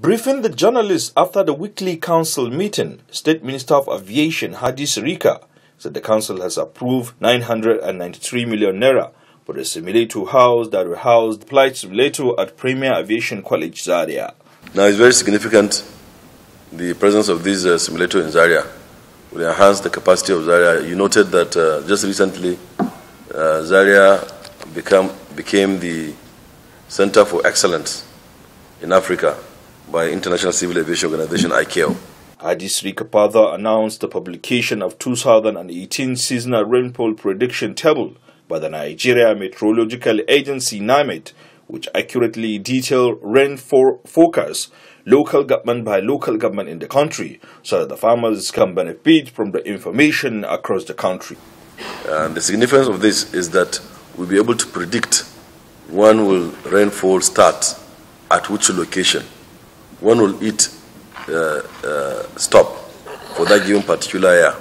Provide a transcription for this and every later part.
Briefing the journalists after the weekly council meeting, State Minister of Aviation Hadi Sirika said the council has approved 993 million naira for the simulator house that will house the flight simulator at Premier Aviation College Zaria. Now it's very significant. The presence of this uh, simulator in Zaria will enhance the capacity of Zaria. You noted that uh, just recently uh, Zaria become, became the center for excellence in Africa by International Civil Aviation Organization, ICAO. Addis Rikapada announced the publication of 2018 seasonal rainfall prediction table by the Nigeria Meteorological Agency NIMET, which accurately detail rainfall forecasts local government by local government in the country so that the farmers can benefit from the information across the country. And the significance of this is that we'll be able to predict when will rainfall start, at which location, when will it uh, uh, stop for that given particular year?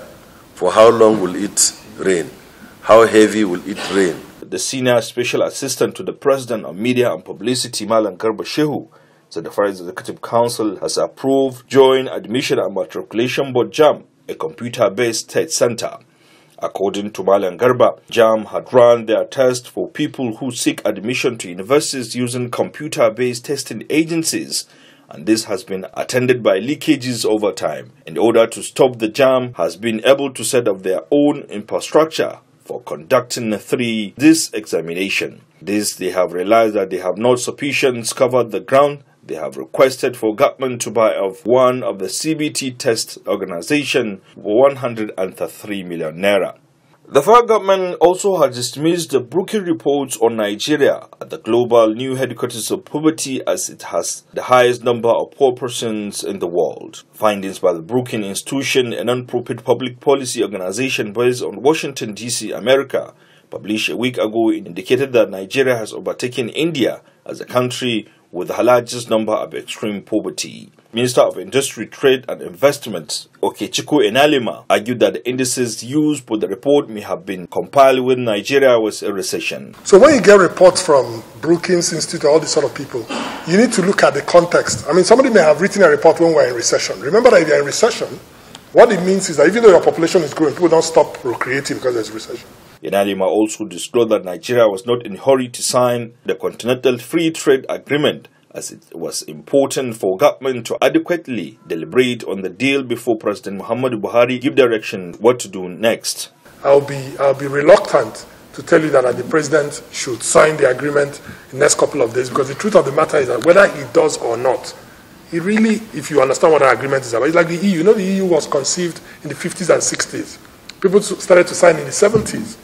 For how long will it rain? How heavy will it rain? The senior special assistant to the president of media and publicity, Malan Garba Shehu, said the Foreign Executive Council has approved joint admission and matriculation board JAM, a computer-based test center. According to Malan Garba, JAM had run their test for people who seek admission to universities using computer-based testing agencies and this has been attended by leakages over time. In order to stop the jam, has been able to set up their own infrastructure for conducting three this examination. This they have realized that they have not sufficient covered the ground they have requested for government to buy of one of the CBT test organization 103 million naira. The federal government also has dismissed the Brookie reports on Nigeria at the global new headquarters of poverty as it has the highest number of poor persons in the world. Findings by the Brooklyn Institution, a non-profit public policy organization based on Washington, D.C., America, published a week ago indicated that Nigeria has overtaken India as a country with the largest number of extreme poverty. Minister of Industry, Trade and Investment, Okechiko Enalima, argued that the indices used for the report may have been compiled when Nigeria was in recession. So when you get reports from Brookings Institute, all these sort of people, you need to look at the context. I mean, somebody may have written a report when we're in recession. Remember that if you're in recession, what it means is that even though your population is growing, people don't stop procreating because there's recession. Yarima also disclosed that Nigeria was not in a hurry to sign the Continental Free Trade Agreement as it was important for government to adequately deliberate on the deal before President Muhammadu Buhari give direction what to do next. I'll be, I'll be reluctant to tell you that the president should sign the agreement in the next couple of days because the truth of the matter is that whether he does or not, he really, if you understand what an agreement is about, it's like the EU. You know, the EU was conceived in the 50s and 60s. People started to sign in the 70s.